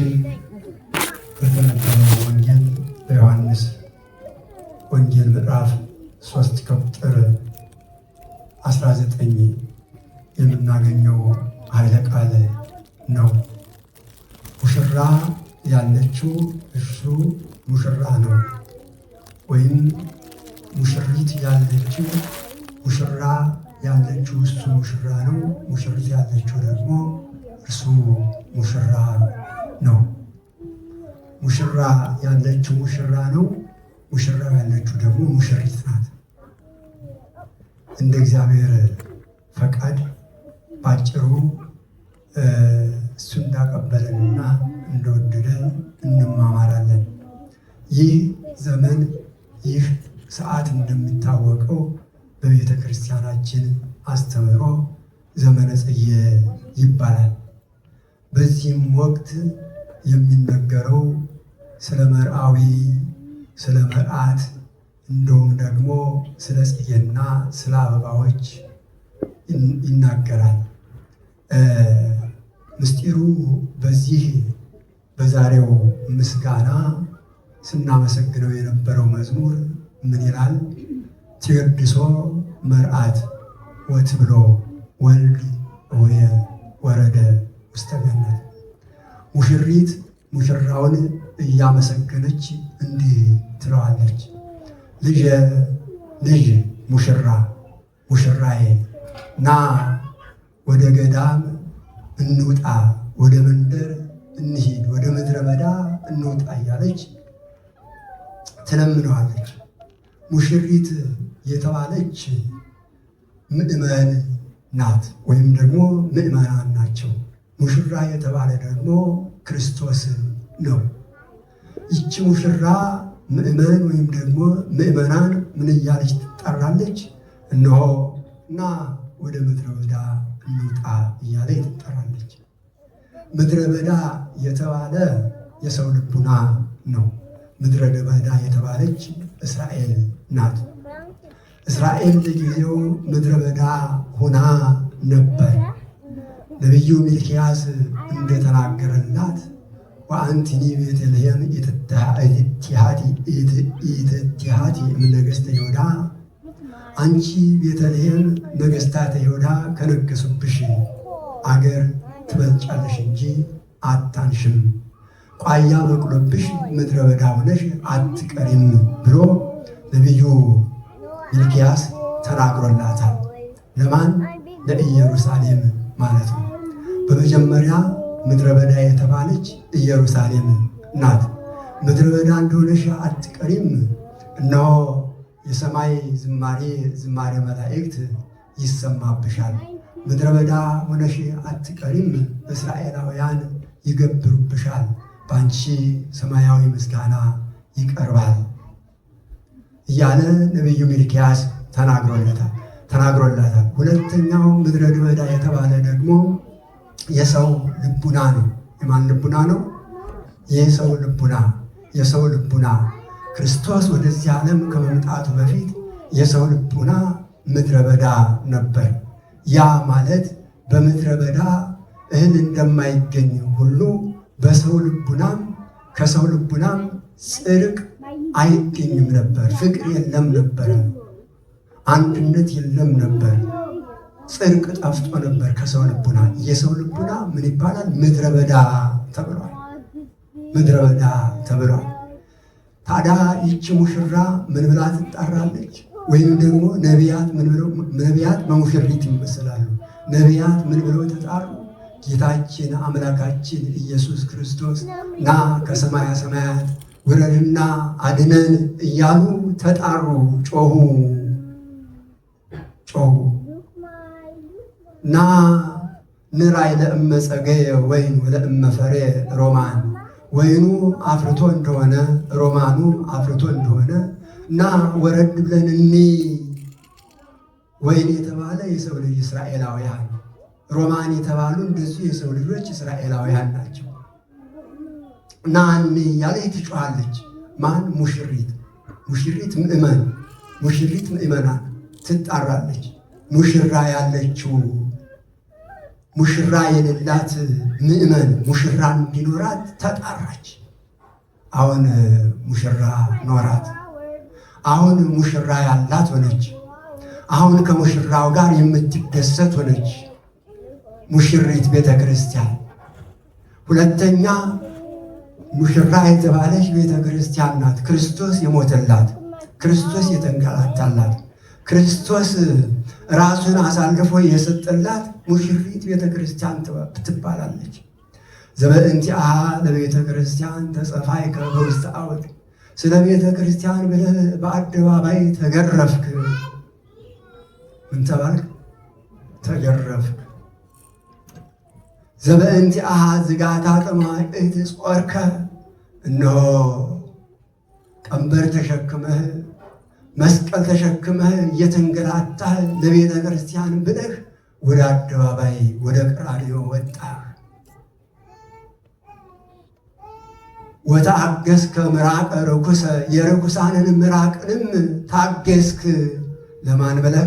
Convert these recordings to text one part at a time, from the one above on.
ወንጌል በተነበበው ወንጌል በዮሐንስ ወንጌል ምዕራፍ ሶስት ከቁጥር 19 የምናገኘው ኃይለ ቃል ነው። ሙሽራ ያለችው ሙሽራ ያለችው ሙሽራ ነው፣ ሙሽራው ያለችው ደግሞ ሙሽሪት ናት። እንደ እግዚአብሔር ፈቃድ ባጭሩ እሱ እንዳቀበለንና እንደወደደን እንማማራለን። ይህ ዘመን ይህ ሰዓት እንደሚታወቀው በቤተ ክርስቲያናችን አስተምሮ ዘመነ ጽጌ ይባላል። በዚህም ወቅት የሚነገረው ስለ መርአዊ፣ ስለ መርአት እንደውም ደግሞ ስለ ጽጌና ስለ አበባዎች ይናገራል። ምስጢሩ በዚህ በዛሬው ምስጋና ስናመሰግነው የነበረው መዝሙር ምን ይላል? ቴርድሶ መርአት ብሎ ወልድ ወየ ወረደ ውስተ ገነት። ሙሽሪት ሙሽራውን እያመሰገነች እንዲህ ትለዋለች፣ ልጄ ልጅ ሙሽራ ሙሽራዬ ና ወደ ገዳም እንውጣ፣ ወደ መንደር እንሂድ፣ ወደ ምድረ በዳ እንውጣ እያለች ትለምነዋለች። ሙሽሪት የተባለች ምዕመን ናት፣ ወይም ደግሞ ምዕመናን ናቸው። ሙሽራ የተባለ ደግሞ ክርስቶስ ነው። ይቺ ሙሽራ ምእመን ወይም ደግሞ ምእመናን ምን እያለች ትጠራለች? እነሆ እና ወደ ምድረ በዳ እንውጣ እያለ ትጠራለች። ምድረ በዳ የተባለ የሰው ልቡና ነው። ምድረ በዳ የተባለች እስራኤል ናት። እስራኤል ለጊዜው ምድረ በዳ ሆና ነበር። ነቢዩ ሚልኪያስ እንደተናገረላት ወአንቲኒ ቤተልሔም ኢትቲሃቲ እምነገሥተ ይሁዳ አንቺ ቤተልሔም ነገሥታተ ይሁዳ ከነገሱብሽ አገር ትበልጫለሽ እንጂ አታንሽም፣ ቋያ በቅሎብሽ ምድረ በዳ ሆነሽ አትቀሪም ብሎ ነቢዩ ሚልኪያስ ተናግሮላታል። ለማን? ለኢየሩሳሌም ማለት ነው። በመጀመሪያ ምድረ በዳ የተባለች ኢየሩሳሌም ናት። ምድረ በዳ እንደሆነሽ አትቀሪም፣ እነሆ የሰማይ ዝማሬ ዝማሬ መላእክት ይሰማብሻል። ምድረ በዳ ሆነሽ አትቀሪም፣ እስራኤላውያን ይገብሩብሻል፣ በአንቺ ሰማያዊ ምስጋና ይቀርባል እያለ ነቢዩ ሚልኪያስ ተናግሮለታል። ተናግሮላታል። ሁለተኛው ምድረ ግበዳ የተባለ ደግሞ የሰው ልቡና ነው። የማን ልቡና ነው? የሰው ልቡና የሰው ልቡና ክርስቶስ ወደዚህ ዓለም ከመምጣቱ በፊት የሰው ልቡና ምድረ በዳ ነበር። ያ ማለት በምድረ በዳ እህል እንደማይገኝ ሁሉ በሰው ልቡናም ከሰው ልቡናም ጽድቅ አይገኝም ነበር፣ ፍቅር የለም ነበረ። አንድነት የለም ነበር። ጽድቅ ጠፍቶ ነበር ከሰው ልቡና። የሰው ልቡና ምን ይባላል? ምድረ በዳ ተብሏል። ምድረ በዳ ተብሏል። ታዲያ ይቺ ሙሽራ ምን ብላ ትጠራለች? ወይም ደግሞ ነቢያት ነቢያት በሙሽሪት ይመስላሉ። ነቢያት ምን ብለው ተጣሩ? ጌታችን አምላካችን ኢየሱስ ክርስቶስ ና ከሰማያ ሰማያት ውረድና አድነን እያሉ ተጣሩ፣ ጮሁ ጮሁ። ና ምራይ ለእመ ጸገየ ወይን ወለእመ ፈሬ ሮማን ወይኑ አፍርቶ እንደሆነ ሮማኑ አፍርቶ እንደሆነ እና ወረድ ብለን እኒ ወይን የተባለ የሰው ልጅ እስራኤላውያን፣ ሮማን የተባሉ እንደዚሁ የሰው ልጆች እስራኤላውያን ናቸው። እና እኒ እያለ ትጮኻለች። ማን ሙሽሪት፣ ሙሽሪት ምእመን፣ ሙሽሪት ምእመናን ትጣራለች። ሙሽራ ያለችው ሙሽራ የሌላት ምዕመን ሙሽራ እንዲኖራት ተጣራች። አሁን ሙሽራ ኖራት። አሁን ሙሽራ ያላት ሆነች። አሁን ከሙሽራው ጋር የምትደሰት ሆነች ሙሽሪት ቤተ ክርስቲያን። ሁለተኛ ሙሽራ የተባለች ቤተ ክርስቲያን ናት። ክርስቶስ የሞተላት፣ ክርስቶስ የተንገላታላት ክርስቶስ ራሱን አሳልፎ የሰጠላት ሙሽሪት ቤተ ክርስቲያን ትባላለች። ዘበእንቲአ ለቤተ ክርስቲያን ተጸፋይ ከበውስጥ አውድ ስለ ቤተ ክርስቲያን ብለህ በአደባባይ ተገረፍክ። ምን ተባልክ? ተገረፍክ። አሃ ዝጋታ ጥማዕት ጾርከ እነሆ ቀንበር ተሸክመህ መስቀል ተሸክመህ እየተንገላታህ ለቤተ ክርስቲያን ብለህ ወደ አደባባይ ወደ ቀራንዮ ወጣህ። ወታገስከ ምራቀ ርኩሰ የርኩሳንን ምራቅንም ታገስክ። ለማን ብለህ?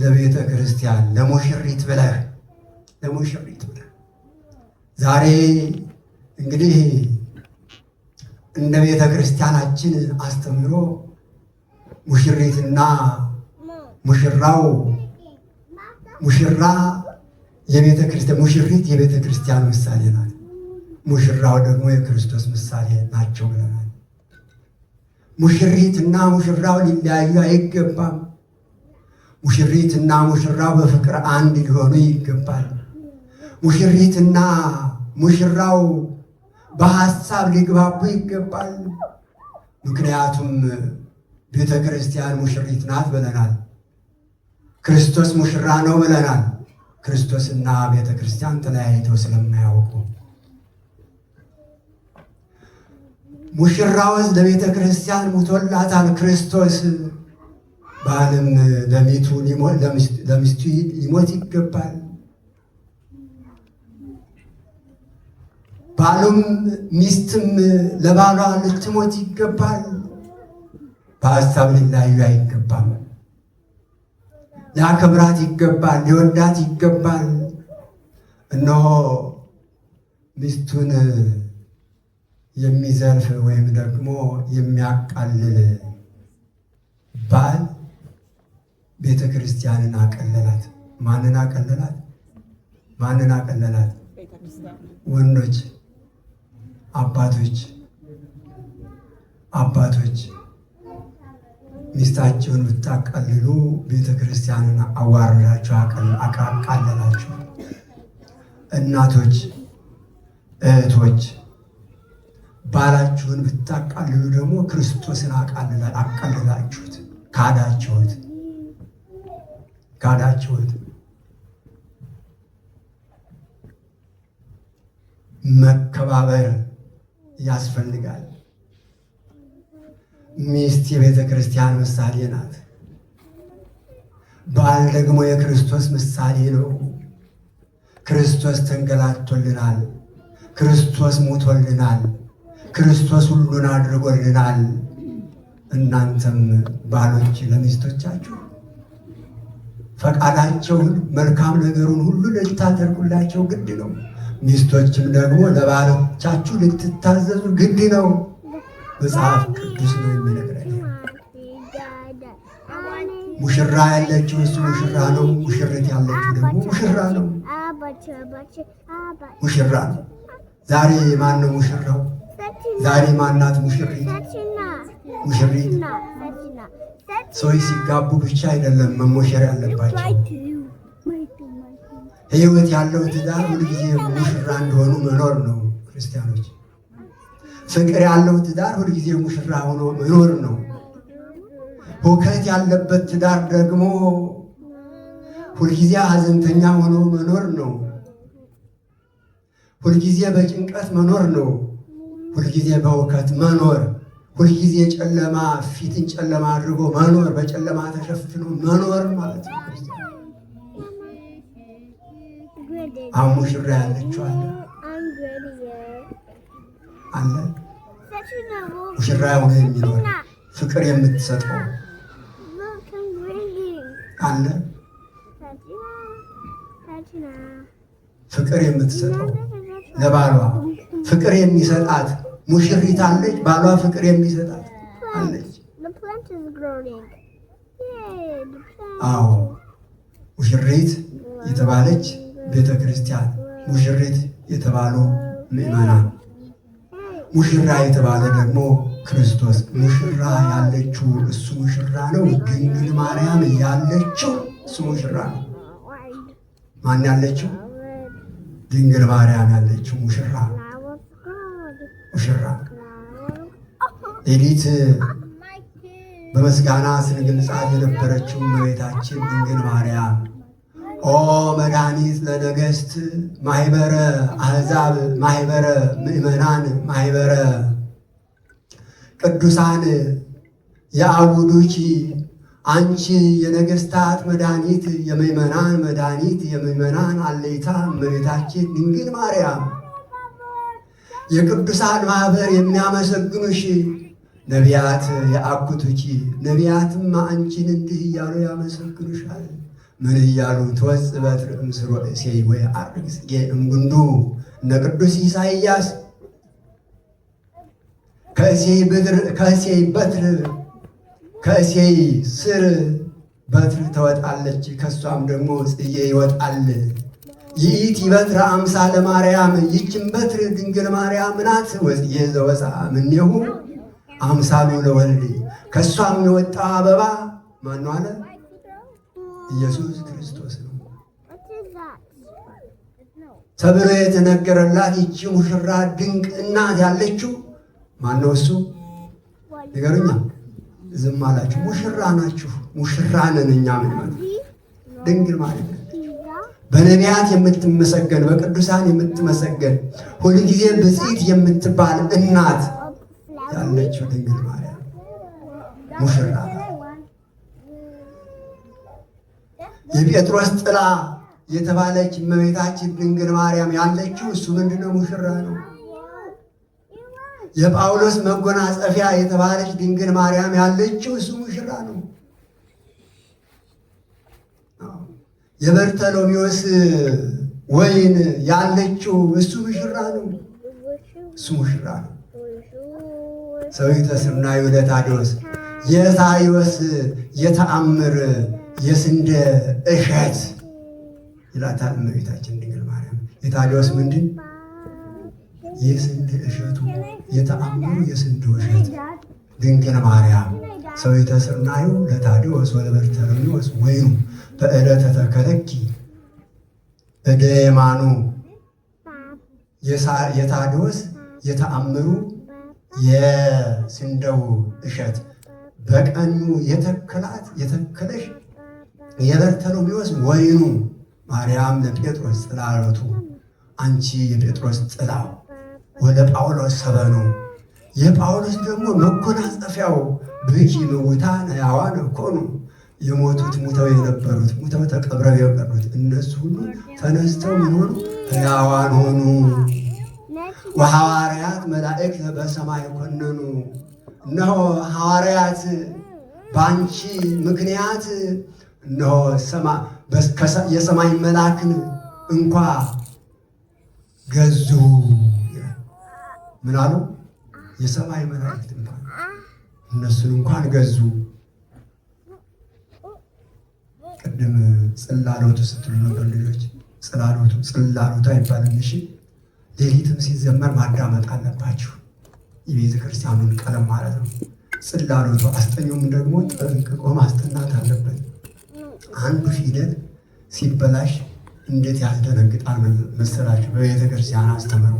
ለቤተ ክርስቲያን ለሙሽሪት ብለህ ለሙሽሪት ብለህ ዛሬ እንግዲህ እንደ ቤተ ክርስቲያናችን አስተምሮ ሙሽሪትና ሙሽራው ሙሽራ የቤተ ክርስቲያን ሙሽሪት የቤተ ክርስቲያን ምሳሌ ናት። ሙሽራው ደግሞ የክርስቶስ ምሳሌ ናቸው ብለናል። ሙሽሪትና ሙሽራው ሊለያዩ አይገባም። ሙሽሪትና ሙሽራው በፍቅር አንድ ሊሆኑ ይገባል። ሙሽሪትና ሙሽራው በሀሳብ ሊግባቡ ይገባል። ምክንያቱም ቤተ ክርስቲያን ሙሽሪት ናት ብለናል። ክርስቶስ ሙሽራ ነው ብለናል። ክርስቶስና ቤተ ክርስቲያን ተለያይተው ስለማያውቁ ሙሽራውስ ለቤተ ክርስቲያን ሙቶላታል ክርስቶስ ባልም ለሚቱ ለሚስቱ ሊሞት ይገባል። ባሉም ሚስትም ለባሏ ልትሞት ይገባል። በሀሳብ ሊለያዩ አይገባም። ሊያከብራት ይገባል፣ ሊወዳት ይገባል። እነሆ ሚስቱን የሚዘርፍ ወይም ደግሞ የሚያቃልል ባል ቤተ ክርስቲያንን አቀለላት። ማንን አቀለላት? ማንን አቀለላት? ወንዶች አባቶች አባቶች ሚስታችሁን ብታቀልሉ ቤተ ክርስቲያንን አዋርዳችሁ አቃለላችሁ። እናቶች፣ እህቶች ባላችሁን ብታቃልሉ ደግሞ ክርስቶስን አቃልላችሁት፣ ካዳችሁት ካዳችሁት። መከባበር ያስፈልጋል። ሚስት የቤተ ክርስቲያን ምሳሌ ናት። ባል ደግሞ የክርስቶስ ምሳሌ ነው። ክርስቶስ ተንገላቶልናል። ክርስቶስ ሞቶልናል። ክርስቶስ ሁሉን አድርጎልናል። እናንተም ባሎች ለሚስቶቻችሁ ፈቃዳቸውን መልካም ነገሩን ሁሉ ልታደርጉላቸው ግድ ነው። ሚስቶችም ደግሞ ለባሎቻችሁ ልትታዘዙ ግድ ነው። መጽሐፍ ቅዱስ ነው የሚነግረን። ሙሽራ ያለችው እሱ ሙሽራ ነው። ሙሽሪት ያለችው ደግሞ ሙሽራ ነው። ሙሽራ ነው። ዛሬ ማን ነው ሙሽራው? ዛሬ ማናት ሙሽሪት? ሙሽሪት ሰዎች ሲጋቡ ብቻ አይደለም መሞሸር ያለባቸው። ሕይወት ያለው ትዳር ሁልጊዜ ሙሽራ እንደሆኑ መኖር ነው ክርስቲያኖች ፍቅር ያለው ትዳር ሁልጊዜ ሙሽራ ሆኖ መኖር ነው። ሁከት ያለበት ትዳር ደግሞ ሁልጊዜ ሐዘንተኛ ሆኖ መኖር ነው። ሁልጊዜ በጭንቀት መኖር ነው። ሁልጊዜ በሁከት መኖር፣ ሁልጊዜ ጨለማ ፊትን ጨለማ አድርጎ መኖር፣ በጨለማ ተሸፍኖ መኖር ማለት ነው። አሁን ሙሽራ ያለችዋለ አለ ሙሽራ ሆነ የሚኖር ፍቅር የምትሰጠው አለ ፍቅር የምትሰጠው ለባሏ ፍቅር የሚሰጣት ሙሽሪት አለች። ባሏ ፍቅር የሚሰጣት አለች። አዎ ሙሽሪት የተባለች ቤተ ክርስቲያን፣ ሙሽሪት የተባሉ ምእመናን። ሙሽራ የተባለ ደግሞ ክርስቶስ ሙሽራ ያለችው እሱ ሙሽራ ነው። ድንግል ማርያም ያለችው እሱ ሙሽራ ነው። ማን ያለችው? ድንግል ማርያም ያለችው ሙሽራ ሙሽራ ሌሊት በመስጋና ስንገልጻት የነበረችው እመቤታችን ድንግል ማርያም ኦ መድኃኒት ለነገሥት ማኅበረ አሕዛብ ማኅበረ ምእመናን ማኅበረ ቅዱሳን የአቡዱኪ አንቺ የነገሥታት መድኃኒት የምእመናን መድኃኒት የምእመናን አለይታ እመቤታችን ድንግል ማርያም የቅዱሳን ማኅበር የሚያመሰግኑሽ ነቢያት የአኩቱኪ ነቢያትም አንቺን እንዲህ እያሉ ያመሰግኑሻል። ምን እያሉ ትወጽእ በትር እምስሮ እሴይ ወይ አርግ ጽጌ እምጉንዱ እነ ቅዱስ ኢሳይያስ ከእሴይ ብድር ከእሴይ በትር ከእሴይ ስር በትር ተወጣለች፣ ከእሷም ደግሞ ጽጌ ይወጣል። ይኢቲ በትር አምሳ ለማርያም ይችን በትር ድንግል ማርያም ናት። ወጽጌ ዘወፅአ እምኔሁ አምሳሉ ለወልድ፣ ከእሷም የወጣ አበባ ማነው አለ ኢየሱስ ክርስቶስ ነው። ተብሎ የተነገረላት ይቺ ሙሽራ ድንቅ እናት ያለችው ማን ነው? እሱ ነገርኛ ዝም አላችሁ። ሙሽራ ናችሁ፣ ሙሽራ ነን እኛ። ምን ማለት ድንግል ማለት በነቢያት የምትመሰገን በቅዱሳን የምትመሰገን ሁልጊዜ ብፅዕት የምትባል እናት ያለችው ድንግል ማለት ሙሽራ የጴጥሮስ ጥላ የተባለች እመቤታችን ድንግል ማርያም ያለችው እሱ ምንድነው? ሙሽራ ነው። የጳውሎስ መጎናጸፊያ የተባለች ድንግል ማርያም ያለችው እሱ ሙሽራ ነው። የበርተሎሚዎስ ወይን ያለችው እሱ ሙሽራ ነው። እሱ ሙሽራ ነው። ሰዊተ ስርናይ ወለታዶስ የታዮስ የተአምር የስንዴ እሸት ይላታል እመቤታችን ድንግል ማርያም። የታዲያስ ምንድን የስንዴ እሸቱ የተአምሩ የስንዴ እሸት ድንግል ማርያም ሰው የተስርናዩ ለታዲዎስ ወለበርተርኒዎስ ወይኑ በዕለተ ተከለኪ እደ የማኑ የታዲዎስ የተአምሩ የስንዴው እሸት በቀኙ የተከላት የተከለሽ የበርተሎሜዎስ ወይኑ፣ ማርያም ለጴጥሮስ ጽላሎቱ፣ አንቺ የጴጥሮስ ጥላ ወደ ጳውሎስ ሰበኑ፣ የጳውሎስ ደግሞ መጎናጸፊያው ብኪ ምውታን ሕያዋን ኮኑ፣ የሞቱት ሙተው የነበሩት ሙተው ተቀብረው የቀሩት እነሱ ሁሉ ተነስተው ምን ያዋን ሆኑ። ወሐዋርያት መላእክት በሰማይ ኮነኑ፣ እነሆ ሐዋርያት በአንቺ ምክንያት እነሆ የሰማይ መልአክን እንኳ ገዙ። ምን አሉ? የሰማይ መላእክት እንኳን እነሱን እንኳን ገዙ። ቅድም ጽላሎቱ ስትሉ ነበር ልጆች። ጽላሎቱ ጽላሎቱ አይባልም። እሺ፣ ሌሊትም ሲዘመር ማዳመጥ አለባችሁ። የቤተ ክርስቲያኑን ቀለም ማለት ነው። ጽላሎቱ አስጠኙም ደግሞ ጠንቅቆ ማስጠናት አለበት። አንዱ ፊደል ሲበላሽ እንዴት ያስደነግጣል መሰላችሁ? በቤተ ክርስቲያን አስተምሮ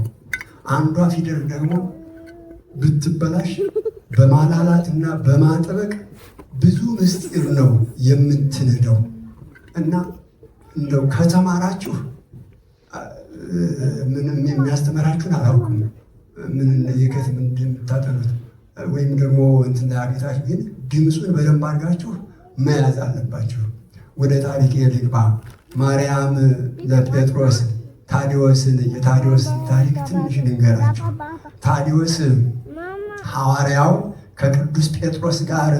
አንዷ ፊደል ደግሞ ብትበላሽ በማላላት እና በማጥበቅ ብዙ ምስጢር ነው የምትንደው እና እንደው ከተማራችሁ ምንም የሚያስተምራችሁን አላውቅም። ምን የከት እንደምታጠኑት ወይም ደግሞ እንትን ላይ አቤታችሁ፣ ግን ድምፁን በደንብ አድርጋችሁ መያዝ አለባችሁ። ወደ ታሪክ ልግባ። ማርያም ለጴጥሮስ ታዲዎስን የታዲዎስ ታሪክ ትንሽ ልንገራቸው። ታዲዎስ ሐዋርያው ከቅዱስ ጴጥሮስ ጋር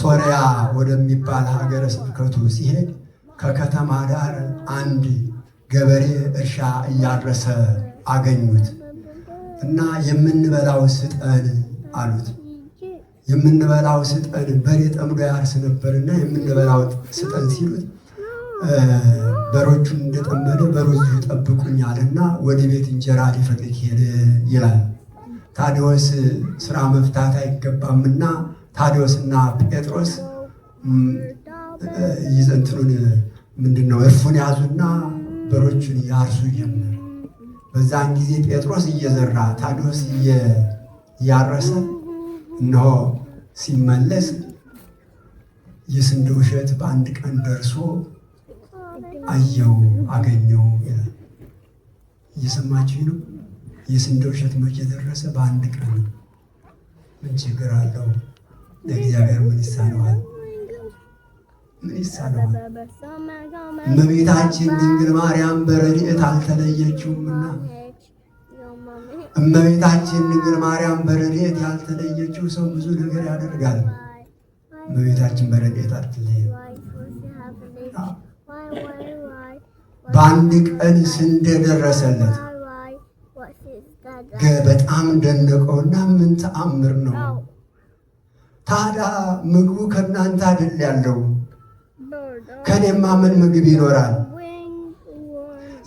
ሶርያ ወደሚባል ሀገረ ስብከቱ ሲሄድ ከከተማ ዳር አንድ ገበሬ እርሻ እያረሰ አገኙት እና የምንበላው ስጠን አሉት። የምንበላው ስጠን፣ በሬ ጠምዶ ያርስ ነበርና የምንበላው ስጠን ሲሉት በሮቹን እንደጠመደ በሮቹ ጠብቁኛልና ወደ ቤት እንጀራ ሊፈልግ ሄደ ይላል። ታዲዎስ ስራ መፍታት አይገባምና ታዲዎስና ጴጥሮስ ይዘንትኑን ምንድን ነው እርፉን ያዙና በሮቹን ያርሱ ጀመር። በዛን ጊዜ ጴጥሮስ እየዘራ ታዲዎስ እያረሰ እንሆ ሲመለስ የስንዴ እሸት በአንድ ቀን ደርሶ አየው አገኘው ይላል። እየሰማችሁ ነው። የስንዴ እሸት መቼ ደረሰ? በአንድ ቀን ነው። ምን ችግር አለው? ለእግዚአብሔር ምን ይሳነዋል? ምን ይሳነዋል? እመቤታችን ድንግል ማርያም በረድኤት አልተለየችውምና እመቤታችን ድንግል ማርያም በረድኤት ያልተለየችው ሰው ብዙ ነገር ያደርጋል። እመቤታችን በረድኤት አትለየ። በአንድ ቀን ስንዴ ደረሰለት። በጣም ደነቀውና ምን ተአምር ነው! ታዲያ ምግቡ ከእናንተ አይደል ያለው? ከኔማ ምን ምግብ ይኖራል?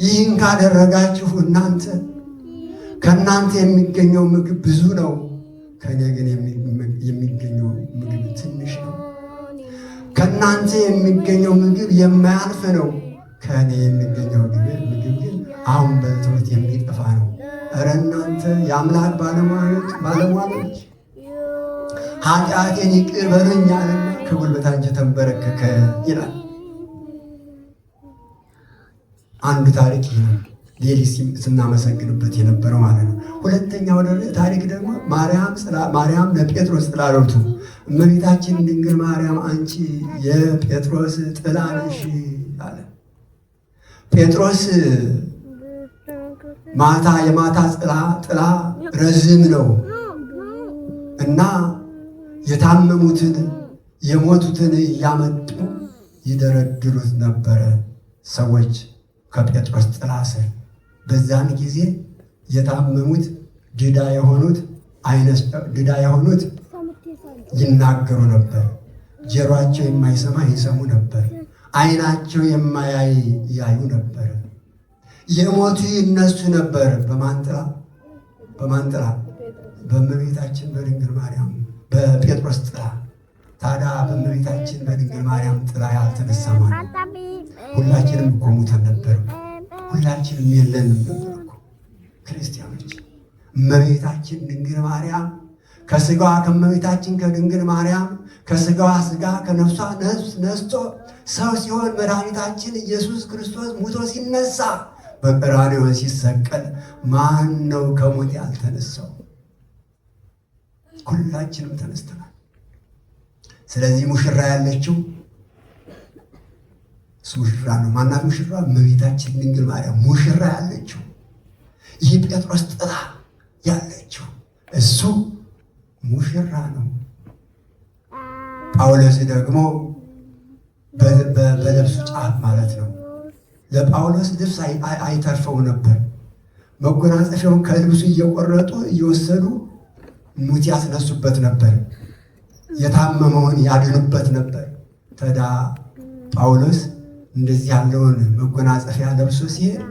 ይህን ካደረጋችሁ እናንተ ከእናንተ የሚገኘው ምግብ ብዙ ነው፣ ከእኔ ግን የሚገኘው ምግብ ትንሽ ነው። ከእናንተ የሚገኘው ምግብ የማያልፍ ነው፣ ከእኔ የሚገኘው ምግብ ግን አሁን በእጥረት የሚጠፋ ነው። እረ እናንተ የአምላክ ባለሟሎች ባለሟሎች ኃጢአቴን ይቅር በሉኝ አለና ከጉልበታቸው ተንበረከከ ይላል። አንዱ ታሪክ ይህ ነው። ሌሊት ስናመሰግንበት የነበረው ማለት ነው። ሁለተኛው ታሪክ ደግሞ ማርያም ለጴጥሮስ ጥላሎቱ እመቤታችን ድንግል ማርያም አንቺ የጴጥሮስ ጥላ ነሽ አለ። ጴጥሮስ ማታ የማታ ጥላ ጥላ ረዝም ነው እና የታመሙትን የሞቱትን እያመጡ ይደረድሩት ነበረ ሰዎች ከጴጥሮስ ጥላ ስር በዛን ጊዜ የታመሙት ድዳ የሆኑት ድዳ የሆኑት ይናገሩ ነበር። ጀሯቸው የማይሰማ ይሰሙ ነበር። አይናቸው የማያይ ያዩ ነበር። የሞቱ ይነሱ ነበር። በማንጥራ በማንጥራ በእመቤታችን በድንግል ማርያም በጴጥሮስ ጥላ ታዲያ በእመቤታችን በድንግል ማርያም ጥላ ያልተነሳ ማነው? ሁላችንም እኮ ሙታን ነበር። ሁላችንም የለንም ነበር እኮ ክርስቲያኖች። እመቤታችን ድንግል ማርያም ከስጋዋ ከእመቤታችን ከድንግል ማርያም ከስጋዋ ስጋ ከነፍሷ ነፍስ ነስቶ ሰው ሲሆን መድኃኒታችን ኢየሱስ ክርስቶስ ሙቶ ሲነሳ በቀራንዮ ሲሰቀል ማን ነው ከሞት ያልተነሳው? ሁላችንም ተነስተናል። ስለዚህ ሙሽራ ያለችው ሙሽራ ነው። ማናት ሙሽራ? እመቤታችን ድንግል ማርያም ሙሽራ ያለችው ይህ ጴጥሮስ ጥላ ያለችው እሱ ሙሽራ ነው። ጳውሎስ ደግሞ በልብሱ ጫፍ ማለት ነው። ለጳውሎስ ልብስ አይተርፈው ነበር። መጎናጸፊያውን ከልብሱ እየቆረጡ እየወሰዱ ሙት ያስነሱበት ነበር። የታመመውን ያድኑበት ነበር። ተዳ ጳውሎስ እንደዚህ ያለውን መጎናጸፊያ ለብሶ ሲሄድ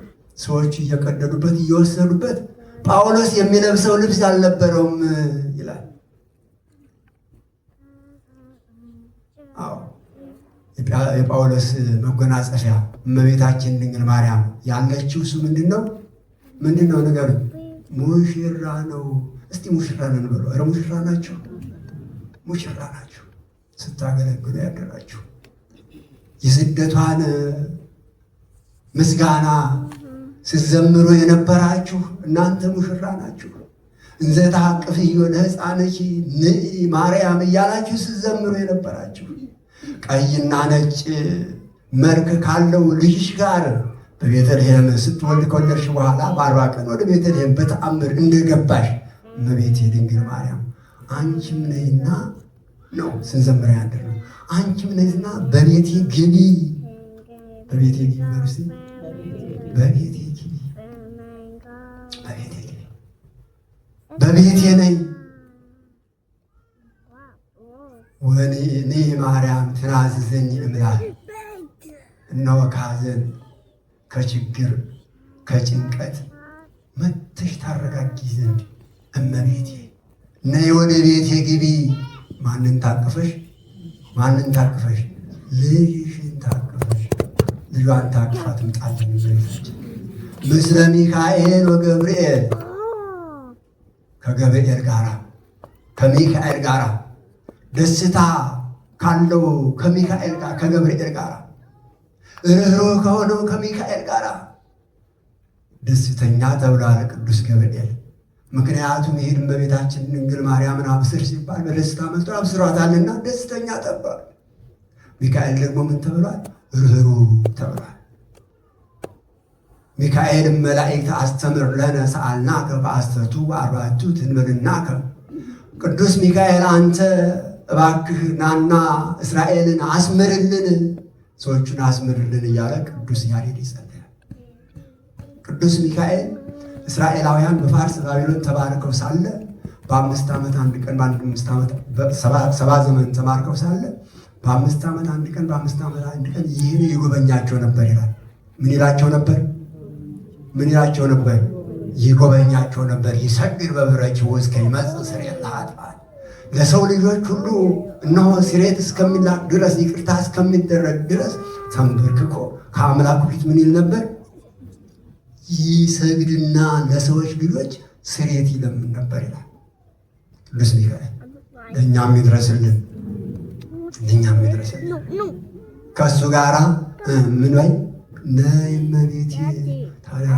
ሰዎቹ እየቀደዱበት እየወሰዱበት ጳውሎስ የሚለብሰው ልብስ አልነበረውም ይላል። አዎ የጳውሎስ መጎናጸፊያ እመቤታችን ድንግል ማርያም ያለችው እሱ ምንድን ነው? ምንድን ነው ነገር ሙሽራ ነው። እስቲ ሙሽራ ነን ብሎ ኧረ ሙሽራ ናቸው፣ ሙሽራ ናቸው። ስታገለግሉ ያደራችሁ የስደቷን ምስጋና ስትዘምሩ የነበራችሁ እናንተ ሙሽራ ናችሁ። እንዘ ታቅፍዮ ለሕፃንኪ ንኢ ማርያም እያላችሁ ስትዘምሩ የነበራችሁ ቀይና ነጭ መልክ ካለው ልጅሽ ጋር በቤተልሔም ስትወልድ ከወለድሽ በኋላ በአርባ ቀን ወደ ቤተልሔም በተአምር እንደገባሽ እመቤቴ ድንግል ማርያም አንቺም ነይና ነው ስንዘምር ያደር ነው። አንቺም ነዚና በቤቴ ግቢ፣ በቤቴ ግቢ፣ በቤቴ ግቢ፣ በቤቴ ግቢ፣ በቤቴ ነኝ። ወእኔ ማርያም ትናዝዘኝ እምላል እነሆ ካዘን ከችግር ከጭንቀት መተሽ ታረጋጊ ዘንድ እመቤቴ ነይ ወደ ቤቴ ግቢ ማንን ታቅፈሽ ማንን ታቅፈሽ ልጅሽን ታቅፈሽ ልጇን ታቅፋ ትምጣለን ዘች ምስለ ሚካኤል ወገብርኤል ከገብርኤል ጋራ ከሚካኤል ጋራ ደስታ ካለው ከሚካኤል ጋር ከገብርኤል ጋር ርኅሩህ ከሆነው ከሚካኤል ጋር ደስተኛ ተብሏል ቅዱስ ገብርኤል። ምክንያቱም ይህን በቤታችን ድንግል ማርያምን አብስር ሲባል በደስታ መልጦ አብስሯታልና ደስተኛ ጠባል። ሚካኤል ደግሞ ምን ተብሏል? ርኅሩህ ተብሏል። ሚካኤልም መላእክት አስተምር ለነ ሰአልናከ በአስርቱ በአርባዕቱ ትንበልናከ ቅዱስ ሚካኤል አንተ እባክህ ናና እስራኤልን አስምርልን፣ ሰዎቹን አስምርልን እያለ ቅዱስ ያሬድ ይጸልያል። ቅዱስ ሚካኤል እስራኤላውያን በፋርስ ባቢሎን ተባርከው ሳለ በአምስት ዓመት አንድ ቀን በአንድ አምስት ዓመት ሰባ ዘመን ተማርከው ሳለ በአምስት ዓመት አንድ ቀን በአምስት ዓመት አንድ ቀን ይህን ይጎበኛቸው ነበር ይላል። ምን ይላቸው ነበር? ምን ይላቸው ነበር? ይጎበኛቸው ነበር። ይሰግድ በብረች ውስጥ ከሚመጽእ ስርየት ለኃጥአን ለሰው ልጆች ሁሉ እነሆ ስሬት እስከሚላክ ድረስ ይቅርታ እስከሚደረግ ድረስ ተንበርክኮ ከአምላኩ ፊት ምን ይል ነበር? ይሰግድና ለሰዎች ልጆች ስሬት ይለምን ነበር ይላል ቅዱስ ሚካኤል። ለእኛም ይድረስልን፣ ለእኛም ይድረስልን። ከእሱ ጋራ ምን ወይ ነይ እመቤቴ። ታዲያ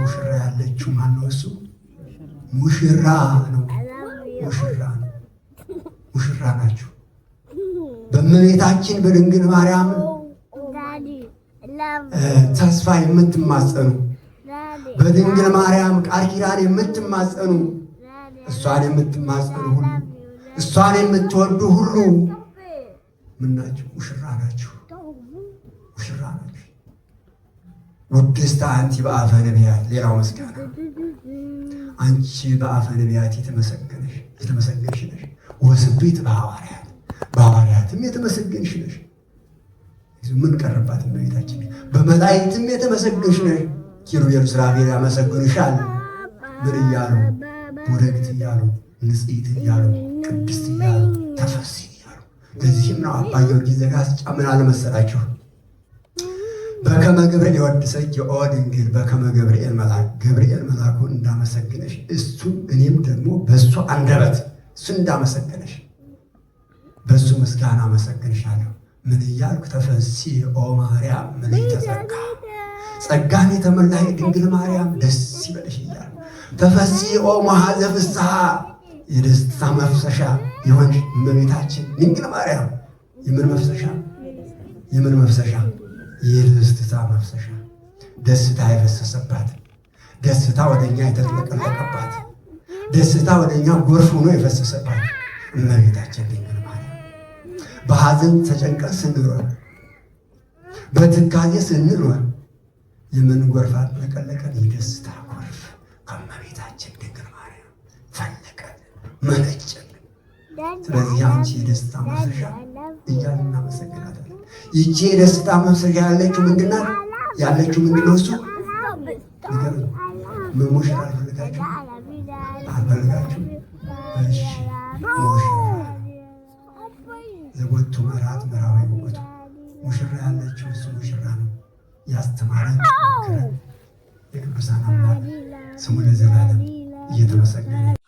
ሙሽራ ያለችው ማነው? እሱ ሙሽራ ነው። ሙሽራ ነው። ሙሽራ ናችሁ በእመቤታችን በድንግል ማርያም ተስፋ የምትማጸኑ በድንግል ማርያም ቃል ኪዳን የምትማጸኑ እሷን የምትማጸኑ ሁሉ እሷን የምትወዱ ሁሉ ምናችሁ ሙሽራ ናችሁ፣ ሙሽራ ናችሁ። ውድስት አንቺ በአፈ ነቢያት፣ ሌላው መስጋና አንቺ በአፈ ነቢያት የተመሰገንሽ ነሽ። ወስብሕት በሐዋርያት፣ በሐዋርያትም የተመሰገንሽ ነሽ። ምን ቀረባት እመቤታችን? በመላእክትም የተመሰገንሽ ነሽ፣ ኪሩቤል ሱራፌል ያመሰግኑሻል። ምን እያሉ ቡረክት እያሉ ንጽሕት እያሉ ቅድስት እያሉ ተፈሲ እያሉ። ለዚህም ነው አባ ጊዮርጊስ ዘጋስጫ ምን አለ መሰላችሁ? በከመ ገብርኤል የወድሰች ኦ ድንግል በከመ ገብርኤል መልአክ ገብርኤል መልአኩን እንዳመሰገነሽ እሱ እኔም ደግሞ በእሱ አንደበት እሱ እንዳመሰገነሽ በእሱ ምስጋና አመሰግንሻለሁ። ምን እያልኩ ተፈሲ ኦ ማርያም ምን ተዘጋ ጸጋን የተመላይ ድንግል ማርያም ደስ ይበልሽ እያልኩ ተፈሲ ኦ መሐዘ ፍስሐ የደስታ መፍሰሻ የሆን እመቤታችን ድንግል ማርያም የምን መፍሰሻ የምን መፍሰሻ የደስታ መፍሰሻ ደስታ የፈሰሰባት ደስታ ወደኛ የተጠለቀለቀባት ደስታ ወደኛ ጎርፍ ሆኖ የፈሰሰባት እመቤታችን ድንግል በሐዘን ተጨንቀ ስንኖር፣ በትካዜ ስንኖር የምንጎርፋት ለቀለቀን የደስታ ጎርፍ ከመቤታችን ድንግል ማርያም ፈለቀን መነጨን። ስለዚህ አንቺ የደስታ መሰሻ እያል እናመሰግናታለን። ይቺ የደስታ መሰሻ ያለችው ምንድና ያለችው ምንድነው? እሱ ነገር መሞሸር አልፈልጋችሁ አልፈልጋችሁ እሺ ሞሽ ወጥቶ መርዓት መርዓዊ ወጡ ሙሽራ ያለችው እሱ ሙሽራ ነው። ያስተማረ የቅዱሳን አምላክ ስሙ ለዘላለም እየተመሰገነ